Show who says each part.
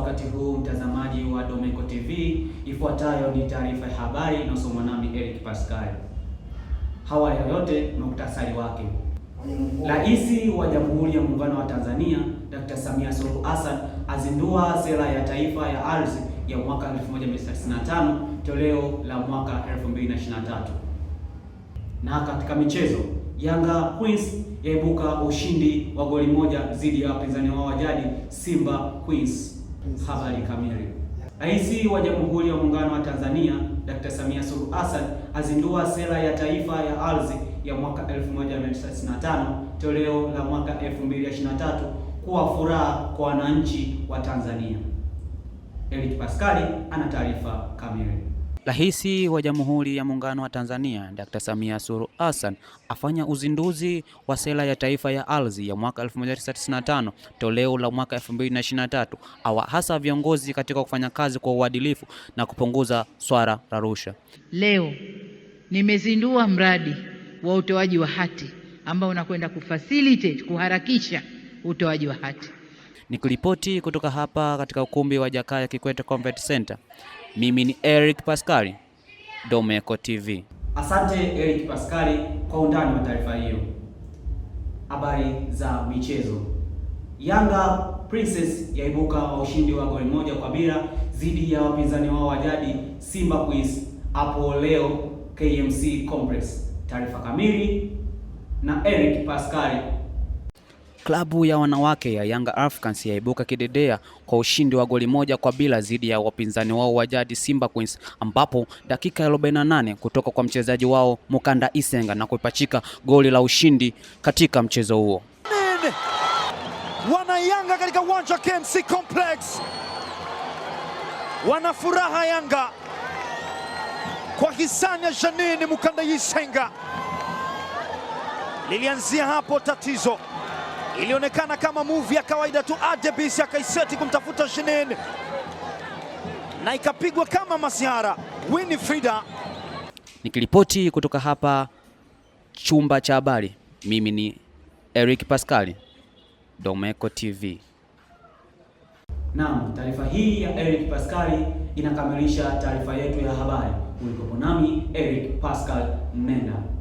Speaker 1: wakati huu mtazamaji wa Domeko TV, ifuatayo ni taarifa ya habari inayosomwa nami Eric Pascal. Hawa yote muktasari wake. Rais wa Jamhuri ya Muungano wa Tanzania Dr. Samia Suluhu Hassan azindua sera ya taifa ya ardhi ya mwaka 1995 toleo la mwaka 2023. Na katika michezo, Yanga Queens yaibuka ushindi wa goli moja dhidi ya wapinzani wao wa jadi Simba Queens. Habari kamili. Rais wa Jamhuri ya Muungano wa Tanzania Dr. Samia Suluhu Hassan azindua sera ya taifa ya ardhi ya mwaka 1995 toleo la mwaka 2023 kuwa furaha kwa wananchi wa Tanzania. Eric Pascali ana taarifa kamili
Speaker 2: rahisi wa Jamhuri ya Muungano wa Tanzania Dr. Samia Suluhu Hassan afanya uzinduzi wa sera ya taifa ya ardhi ya mwaka 1995 toleo la mwaka 2023, awahasa viongozi katika kufanya kazi kwa uadilifu na kupunguza swala la rushwa.
Speaker 3: Leo nimezindua mradi wa utoaji wa hati ambao unakwenda kufacilitate kuharakisha utoaji wa hati.
Speaker 2: Nikiripoti kutoka hapa katika ukumbi wa Jakaya Kikwete Convention Center. Mimi ni Eric Paskali, Domeko TV.
Speaker 1: Asante Eric Paskali kwa undani wa taarifa hiyo. Habari za michezo. Yanga Princess yaibuka wa ushindi wa goli moja kwa bila dhidi ya wapinzani wao wa jadi Simba Queens hapo leo KMC Complex. Taarifa kamili na Eric Paskali.
Speaker 2: Klabu ya wanawake ya Young Africans yaibuka kidedea kwa ushindi wa goli moja kwa bila dhidi ya wapinzani wao wa jadi Simba Queens, ambapo dakika ya 48 kutoka kwa mchezaji wao Mukanda Isenga na kuipachika goli la ushindi katika mchezo huo.
Speaker 4: wana yanga katika uwanja wa KMC Complex wana furaha Yanga kwa hisani ya Janine Mukanda Isenga. Lilianzia hapo tatizo. Ilionekana kama move ya kawaida tu, Adebisi akaiseti kumtafuta Shenin na ikapigwa kama masihara. Winifrida.
Speaker 2: Nikiripoti kutoka hapa chumba cha habari, mimi ni Eric Pascal, Domeko TV.
Speaker 1: Naam, taarifa hii ya Eric Pascal inakamilisha taarifa yetu ya habari. Ulikopo nami Eric Pascal Mnenda.